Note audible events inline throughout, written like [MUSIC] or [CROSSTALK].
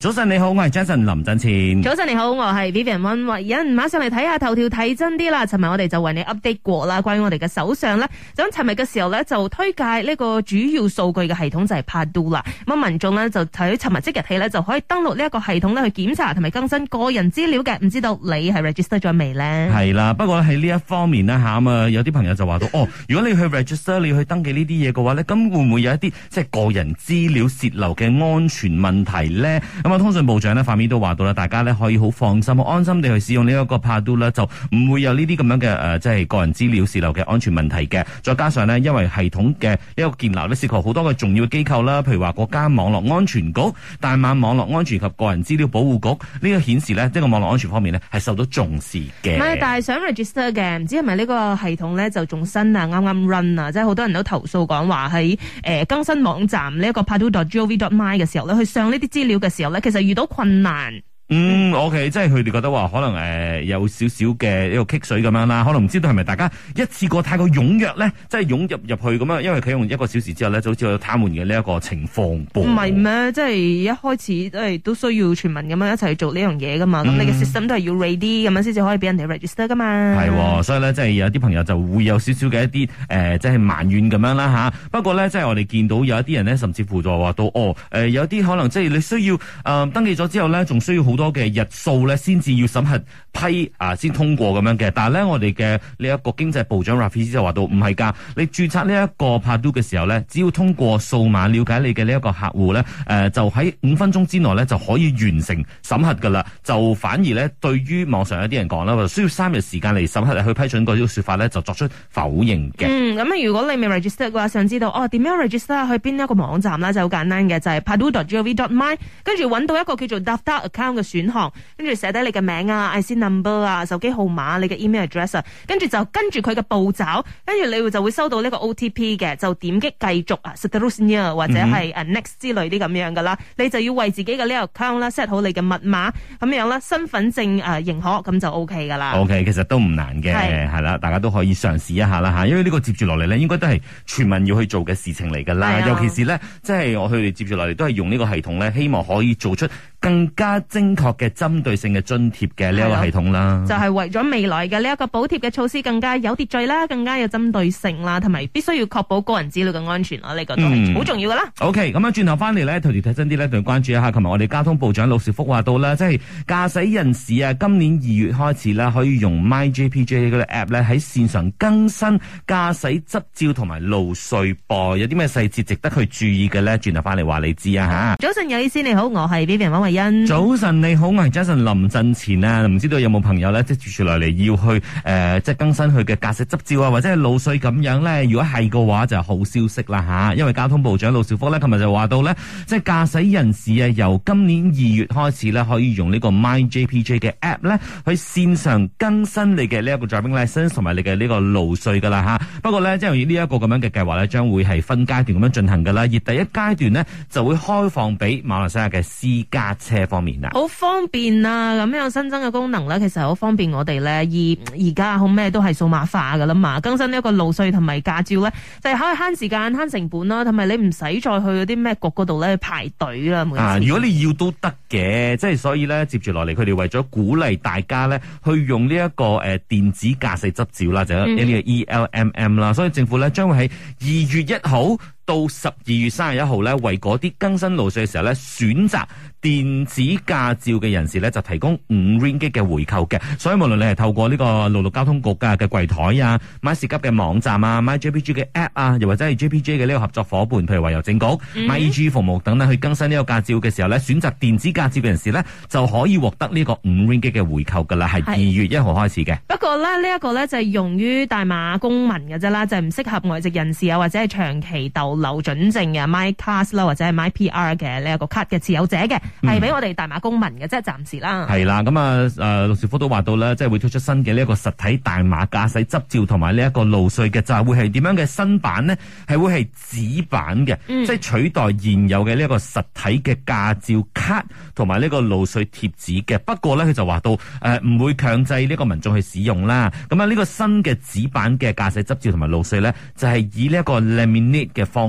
早晨你好，我係 Jason 林振千。早晨你好，我係 Vivian 溫慧欣。馬上嚟睇下頭條睇真啲啦。尋日我哋就為你 update 過啦，關於我哋嘅首相啦。咁尋日嘅時候咧，就推介呢個主要數據嘅系統就係 Padu 啦。咁民眾呢，就喺尋日即日起呢，就可以登錄呢一個系統呢去檢查同埋更新個人資料嘅。唔知道你係 register 咗未呢？係啦，不過喺呢一方面呢，吓咁啊，有啲朋友就話到 [LAUGHS] 哦，如果你要去 register，你要去登記呢啲嘢嘅話呢，咁會唔會有一啲即係個人資料泄漏嘅安全問題呢？」咁啊，通訊部長咧，塊面都話到啦，大家咧可以好放心、好安心地去使用呢一個 Padu 啦，就唔會有呢啲咁樣嘅誒、呃、即係個人資料泄漏嘅安全問題嘅。再加上咧，因為系統嘅一個建立咧，涉及好多嘅重要機構啦，譬如話國家網絡安全局、大馬網絡安全及個人資料保護局、這個、呢、這個顯示咧，即係網絡安全方面咧係受到重視嘅。唔係，但係想 register 嘅，唔知係咪呢個系統咧就仲新啊，啱啱 run 啊，即係好多人都投訴講話，喺、呃、更新網站呢一個 padu.gov.my 嘅時候咧，去上呢啲資料嘅時候咧。其實遇到困難。嗯，O、okay, K，即係佢哋覺得話可能誒、呃、有少少嘅一個積水咁樣啦，可能唔知道係咪大家一次過太過踴躍咧，即係湧入入去咁樣，因為佢用一個小時之後咧，就好似有癱瘓嘅呢一個情況。唔係咩，即係一開始都係、哎、都需要全民咁樣一齊做呢樣嘢噶嘛。咁、嗯、你嘅 system 都係要 ready 咁樣先至可以俾人哋 register 噶嘛。係、哦，所以咧即係有啲朋友就會有少少嘅一啲誒、呃，即係埋怨咁樣啦吓、啊。不過咧，即係我哋見到有一啲人咧，甚至乎就話到哦，誒、呃、有啲可能即係你需要誒、呃、登記咗之後咧，仲需要好。多嘅日數咧，先至要審核批啊，先通過咁樣嘅。但係咧，我哋嘅呢一個經濟部長拉菲斯就話到唔係㗎，你註冊呢一個 Padu 嘅時候呢，只要通過數碼了解你嘅呢一個客戶呢，呃、就喺五分鐘之內呢就可以完成審核㗎啦。就反而呢，對於網上有啲人講啦，話需要三日時間嚟審核嚟去批准嗰種説法呢，就作出否認嘅。咁、嗯、如果你未 register 嘅話，想知道哦，點樣 register 去邊一個網站啦？就好簡單嘅，就係、是、padu.gov.my 跟住揾到一個叫做 Davda Account 嘅。選項，跟住寫低你嘅名啊，IC number 啊，手機號碼，你嘅 email address，跟、啊、住就跟住佢嘅步驟，跟住你會就會收到呢個 OTP 嘅，就點擊繼續啊 set the rules 或者係 next 之類啲咁樣噶啦、嗯，你就要為自己嘅呢個 account 啦 set 好你嘅密碼，咁樣啦，身份證誒、啊、認可，咁就 OK 噶啦。OK，其實都唔難嘅，係啦，大家都可以嘗試一下啦吓，因為呢個接住落嚟呢，應該都係全民要去做嘅事情嚟噶啦、啊，尤其是呢，即、就、係、是、我去哋接住落嚟都係用呢個系統呢，希望可以做出更加精確嘅針對性嘅津貼嘅呢一個系統啦，就係、是、為咗未來嘅呢一個補貼嘅措施更加有秩序啦，更加有針對性啦，同埋必須要確保個人資料嘅安全啦。你覺得係好重要噶啦、嗯、？OK，咁樣轉頭翻嚟咧，同時睇真啲咧，就關注一下。琴日我哋交通部長陸兆福話到啦，即係駕駛人士啊，今年二月開始啦，可以用 MyJPJ 嗰啲 app 咧喺線上更新駕駛執照同埋路稅簿，有啲咩細節值得去注意嘅咧？轉頭翻嚟話你知啊吓。早晨，有意思，你好，我係 Vivian 王慧欣。早晨。你、hey, 好，我係 Jason 林振前啊，唔知道有冇朋友咧，即、就、係、是、住住落嚟要去誒，即、呃、係、就是、更新佢嘅駕駛執照啊，或者係路稅咁樣咧。如果係嘅話，就係、是、好消息啦吓、啊。因為交通部長陸兆福咧，琴日就話到咧，即、就、係、是、駕駛人士啊，由今年二月開始咧，可以用呢個 MyJPJ 嘅 app 咧，去線上更新你嘅呢一個 Driving Licence 同埋你嘅呢個路稅噶啦吓。不過咧，即係呢一個咁樣嘅計劃咧，將會係分階段咁樣進行噶啦。而第一階段呢，就會開放俾馬來西亞嘅私家車方面啦方便啊，咁樣新增嘅功能咧，其實好方便我哋咧。而而家好咩都係數碼化噶啦嘛，更新呢一個路稅同埋駕照咧，就係、是、可以慳時間、慳成本啦，同埋你唔使再去嗰啲咩局嗰度咧去排隊啦。啊，如果你要都得嘅，即係所以咧，接住落嚟，佢哋為咗鼓勵大家咧，去用呢、這、一個誒、呃、電子駕駛執照啦，就係、是、呢個 E L M M 啦、嗯。所以政府咧，將會喺二月一號，到十二月三十一號咧，為嗰啲更新路稅嘅時候咧，選擇電子駕照嘅人士咧，就提供五 ringgit 嘅回扣嘅。所以無論你係透過呢個陸路交通局嘅櫃台啊、買時急嘅網站啊、買 JPG 嘅 app 啊，又或者係 JPG 嘅呢個合作伙伴，譬如話郵政局、m、嗯、eG 服務等等呢去更新呢個駕照嘅時候咧，選擇電子駕照嘅人士咧，就可以獲得呢個五 ringgit 嘅回扣噶啦。係二月一號開始嘅。不過咧，這個、呢一個咧就係、是、用於大馬公民嘅啫啦，就係、是、唔適合外籍人士啊，或者係長期逗。留准證嘅 my card 啦，或者係 my PR 嘅，呢個卡嘅持有者嘅，係、嗯、俾我哋大馬公民嘅，即係暫時啦。係啦，咁、呃、啊，誒，陸兆福都話到啦，即係會推出新嘅呢一個實體大馬駕駛執照同埋呢一個路稅嘅，就係、是、會係點樣嘅新版呢？係會係紙版嘅、嗯，即係取代現有嘅呢一個實體嘅駕照卡同埋呢個路稅貼紙嘅。不過呢，佢就話到誒，唔、呃、會強制呢個民眾去使用啦。咁啊，呢個新嘅紙版嘅駕駛執照同埋路稅呢，就係、是、以呢一個 laminate 嘅方。方、嗯、啊，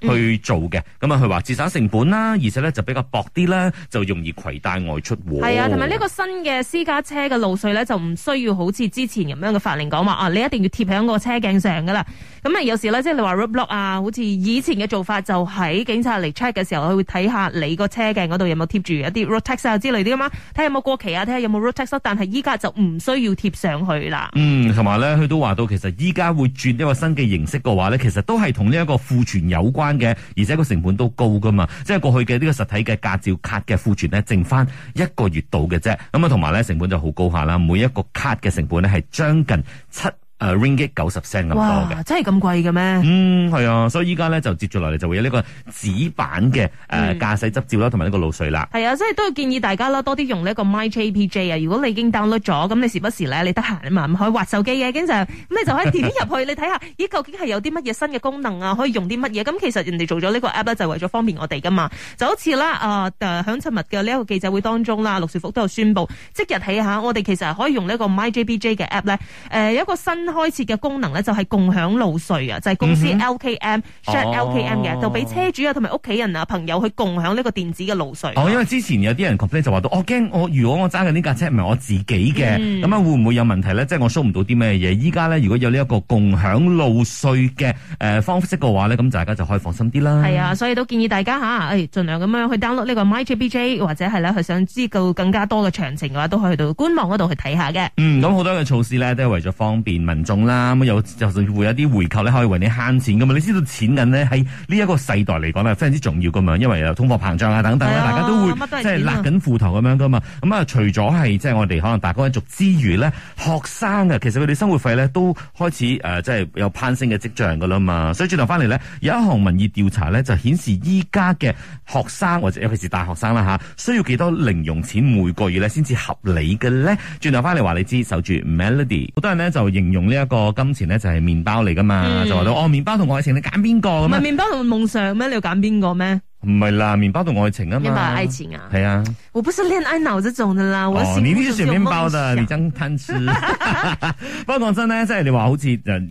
去做嘅，咁啊佢話節省成本啦，而且咧就比較薄啲啦，就容易攜帶外出。係、嗯、啊，同埋呢個新嘅私家車嘅路稅咧，就唔需要好似之前咁樣嘅法令講話啊，你一定要貼喺個車鏡上噶啦。咁啊有時咧，即、就、係、是、你話 roadblock 啊，好似以前嘅做法，就喺警察嚟 check 嘅時候，佢會睇下你個車鏡嗰度有冇貼住一啲 road tax 啊之類啲啊嘛，睇下有冇過期啊，睇下有冇 road tax 啊。但係依家就唔需要貼上去啦。嗯，同埋咧，佢都話到，其實依家會轉一個新嘅形式嘅話咧，其實都係同呢一個庫存。有關嘅，而且個成本都高噶嘛，即係過去嘅呢個實體嘅駕照卡嘅庫存咧，剩翻一個月度嘅啫，咁啊，同埋咧，成本就好高下啦，每一個卡嘅成本咧，係將近七。Uh, Ringgit 九十 cent 咁多嘅，真係咁貴嘅咩？嗯，係啊，所以依家咧就接住落嚟就會有呢個紙版嘅誒駕駛執照啦，同埋呢個路稅啦。係、嗯、啊，所以都要建議大家啦，多啲用呢一個 MyJPJ 啊。如果你已經 download 咗，咁你時不時咧，你得閒啊嘛，可以滑手機嘅、啊，經常咁你就可以點入去， [LAUGHS] 你睇下，咦，究竟係有啲乜嘢新嘅功能啊？可以用啲乜嘢？咁其實人哋做咗呢個 app 咧，就為咗方便我哋噶嘛。就好似啦，誒、呃，響尋日嘅呢一個記者會當中啦，陸兆福都有宣布，即日睇下、啊，我哋其實可以用個呢個 MyJPJ 嘅 app 咧，誒、呃，有一個新。開設嘅功能咧就係共享路稅啊，就係、是、公司 LKM、嗯、share LKM 嘅、哦，就俾車主啊同埋屋企人啊朋友去共享呢個電子嘅路稅。哦，因為之前有啲人 complain 就話到，哦、我驚我如果我揸緊呢架車唔係我自己嘅，咁、嗯、樣會唔會有問題咧？即係我 show 唔到啲咩嘢？依家咧如果有呢一個共享路稅嘅誒方式嘅話咧，咁大家就可以放心啲啦。係啊，所以都建議大家吓，誒、啊、盡、哎、量咁樣去 download 呢個 MyJPJ 或者係咧，佢想知道更加多嘅詳情嘅話，都可以去到官網嗰度去睇下嘅。嗯，咁好多嘅措施咧都係為咗方便重啦咁有，就甚至會有啲回扣咧，可以為你慳錢噶嘛？你知道錢銀咧喺呢一個世代嚟講咧非常之重要噶嘛？因為啊通貨膨脹啊等等咧、哎，大家都會都即係勒緊褲頭咁樣噶嘛。咁啊，除咗係即係我哋可能打工一族之餘咧，學生啊，其實佢哋生活費咧都開始誒即係有攀升嘅跡象噶啦嘛。所以轉頭翻嚟咧，有一項民意調查咧就顯示，依家嘅學生或者尤其是大學生啦吓，需要幾多零用錢每個月咧先至合理嘅咧？轉頭翻嚟話你知，守住 Melody，好多人咧就形容。呢一個金錢咧就係、是、麵包嚟噶嘛，嗯、就話到哦，麵包同愛情你揀邊個？唔係麵包同夢想咩？你要揀邊個咩？唔係啦，麵包同愛情啊嘛，麵包愛情啊，係啊，啊，我不是戀愛腦這種的啦，我你呢啲食麵包咋？你真貪吃。 [LAUGHS] [LAUGHS] [LAUGHS] 不過講真咧，即係你話好似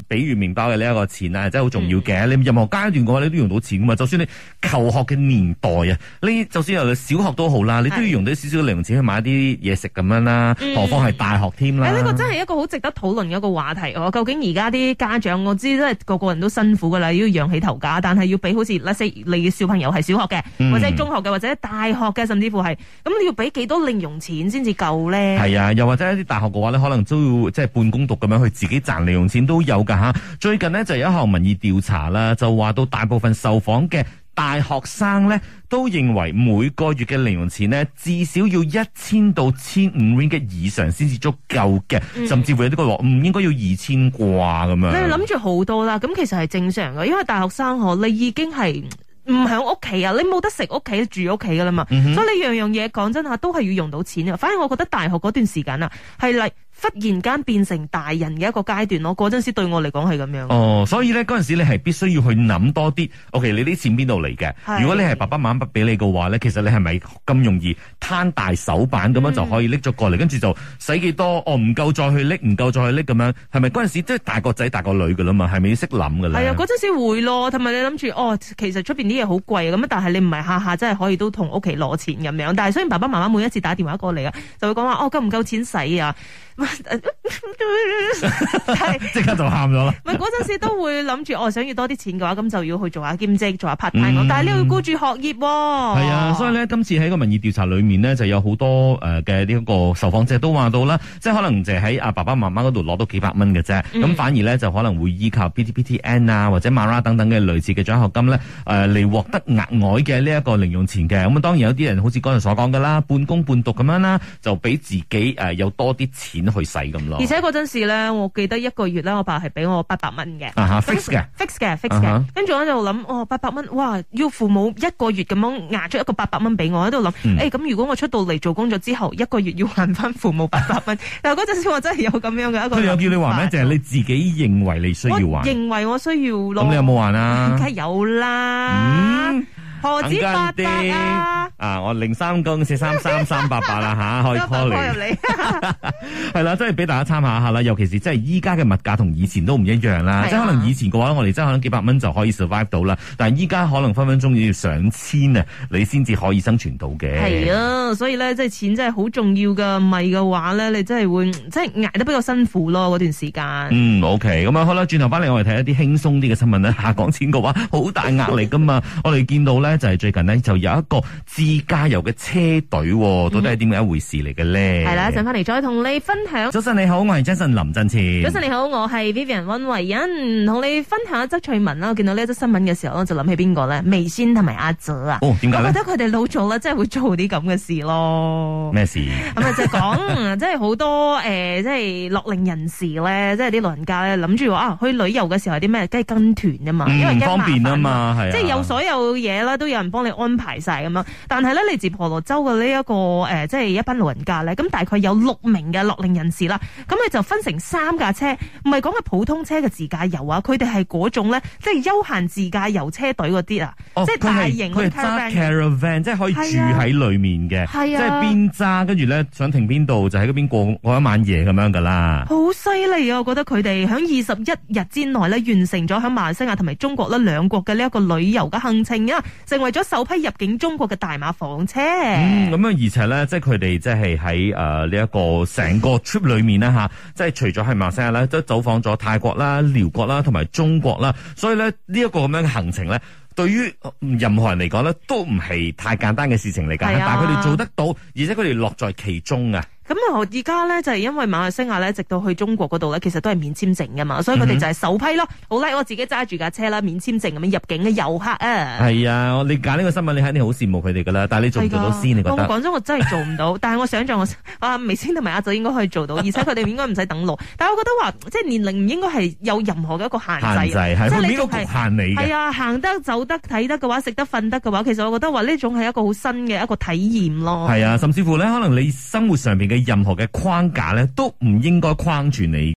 比如麵包嘅呢一個錢啊，真係好重要嘅、嗯。你任何階段嘅話，你都用到錢噶嘛。就算你求學嘅年代啊，你就算由小學都好啦，你都要用到少少零錢去買啲嘢食咁樣啦。何況係大學添啦。呢、哎這個真係一個好值得討論嘅一個話題，我究竟而家啲家長，我知都係個個人都辛苦噶啦，要養起頭家，但係要俾好似你嘅小朋友係少學嘅，或者中學嘅，或者大學嘅，甚至乎係咁，你要俾幾多零用錢先至夠咧？係啊，又或者一啲大學嘅話咧，可能都要即係半工讀咁樣去自己賺零用錢都有噶吓。最近呢，就有一項民意調查啦，就話到大部分受訪嘅大學生咧都認為每個月嘅零用錢咧至少要一千到千五 ringgit 以上先至足夠嘅、嗯，甚至會有啲個話唔應該要二千掛咁樣。你諗住好多啦，咁其實係正常嘅，因為大學生嗬，你已經係。唔喺屋企啊！你冇得食屋企，住屋企噶啦嘛、嗯，所以你樣樣嘢講真吓都係要用到錢啊！反而我覺得大學嗰段時間啊，係嚟。忽然間變成大人嘅一個階段咯，嗰陣時對我嚟講係咁樣。哦，所以咧嗰陣時你係必須要去諗多啲。OK，你啲錢邊度嚟嘅？如果你係爸爸媽媽俾你嘅話咧，其實你係咪咁容易攤大手板咁樣就可以拎咗過嚟，跟、嗯、住就使幾多哦？唔夠再去拎，唔夠再去拎咁樣，係咪嗰陣時即係、就是、大個仔大個女噶啦嘛？係咪要識諗噶咧？係啊，嗰陣時會咯，同埋你諗住哦，其實出邊啲嘢好貴咁樣，但係你唔係下下真係可以都同屋企攞錢咁樣。但係雖然爸爸媽媽每一次打電話過嚟啊，就會講話哦，夠唔夠錢使啊？即 [LAUGHS] [LAUGHS] 但是 [LAUGHS] 刻就喊咗啦。唔係嗰陣時都會諗住，我、哦、想要多啲錢嘅話，咁就要去做下兼職，做下 part time，但係你要顧住學業喎、哦。係啊，所以呢，今次喺個民意調查裏面呢，就有好多誒嘅呢一個受訪者都話到啦，即係可能就喺阿爸爸媽媽嗰度攞到幾百蚊嘅啫。咁、嗯、反而呢，就可能會依靠 PTPTN 啊，或者 MARA 等等嘅類似嘅獎學金呢，誒、呃、嚟獲得額外嘅呢一個零用錢嘅。咁、嗯、啊、嗯、當然有啲人好似嗰陣所講㗎啦，半工半讀咁樣啦、啊，就俾自己誒、呃、有多啲錢。去使咁咯，而且嗰陣時咧，我記得一個月咧，我爸係俾我八百蚊嘅 fixed 嘅 fixed 嘅，fixed 嘅。跟住、uh-huh. 我喺度諗，哦，八百蚊，哇，要父母一個月咁樣壓出一個八百蚊俾我，喺度諗，誒、嗯、咁、欸、如果我出到嚟做工作之後，一個月要還翻父母八百蚊， [LAUGHS] 但嗰陣時我真係有咁樣嘅一個。佢 [LAUGHS] 有叫你還咩？淨係你自己認為你需要還，認為我需要。咁你有冇還啊？梗係有啦。嗯何止八百啊，啊，啊，我零三公四三三 [LAUGHS] 三八八啦、啊、吓，可以拖你係啦，即係俾大家參考一下啦。尤其是即係依家嘅物價同以前都唔一樣啦、啊。即係可能以前嘅話，我哋真係可能幾百蚊就可以 survive 到啦。但係依家可能分分鐘要上千啊，你先至可以生存到嘅。係啊，所以咧，即係錢真係好重要㗎。咪嘅話咧，你真係會即係捱得比較辛苦咯。嗰段時間。嗯，OK，咁啊，好啦，轉頭翻嚟我哋睇一啲輕鬆啲嘅新聞啦。吓，講錢嘅話好大壓力噶嘛。我哋見到咧。就係、是、最近呢，就有一個自駕遊嘅車隊、哦嗯，到底係點樣一回事嚟嘅咧？係啦，一陣翻嚟再同你分享。早晨你好，我係張晨林振超。早晨你好，我係 Vivian 溫維欣。同你分享一則趣聞啦。我見到呢一則新聞嘅時候，我就諗起邊個咧？微仙同埋阿左啊？哦，點解咧？我覺得佢哋老咗啦，即係會做啲咁嘅事咯。咩事？咁、嗯、啊，就講、是 [LAUGHS] 呃，即係好多誒，即係樂齡人士咧，即係啲老人家咧，諗住話啊，去旅遊嘅時候啲咩，梗係跟團啊嘛、嗯，因為方便啊嘛，即係有所有嘢啦。都有人幫你安排晒咁樣，但係咧嚟自婆羅洲嘅呢一個誒、呃，即係一班老人家咧，咁大概有六名嘅樂齡人士啦，咁你就分成三架車，唔係講嘅普通車嘅自駕遊啊，佢哋係嗰種咧，即係休閒自駕遊車隊嗰啲啊，即係大型佢揸 caravan，即係可以住喺裡面嘅，係啊，即係邊揸跟住咧想停邊度就喺嗰邊過過一晚夜咁樣噶啦，好犀利啊！我覺得佢哋響二十一日之內咧完成咗響馬來西亞同埋中國啦兩國嘅呢一個旅遊嘅行程啊！成為咗首批入境中國嘅大馬房車。嗯，咁樣而且咧，即係佢哋即係喺誒呢一個成個 trip 裏面咧吓、啊，即係除咗係馬來西亞呢，都走訪咗泰國啦、寮國啦、同埋中國啦，所以咧呢一個咁樣行程咧。對於任何人嚟講咧，都唔係太簡單嘅事情嚟㗎、啊。但係佢哋做得到，而且佢哋樂在其中啊！咁啊，而家呢，就係、是、因為馬來西亞呢，直到去中國嗰度呢，其實都係免簽證㗎嘛。所以佢哋就係首批咯。好、嗯、咧，我自己揸住架車啦，免簽證咁樣入境嘅遊客啊！係啊，我理解呢個新聞，你肯定好羨慕佢哋㗎啦。但係你做唔做到先、啊？你覺得？講真我真係做唔到， [LAUGHS] 但係我想象我阿眉先同埋阿祖應該可以做到，而且佢哋應該唔使等六。但係我覺得話，即係年齡唔應該係有任何嘅一個限制。限制邊都同限你嘅。係啊，行得走。得睇得嘅話，食得瞓得嘅話，其實我覺得話呢種係一個好新嘅一個體驗咯。係啊，甚至乎咧，可能你生活上邊嘅任何嘅框架咧，都唔應該框住你。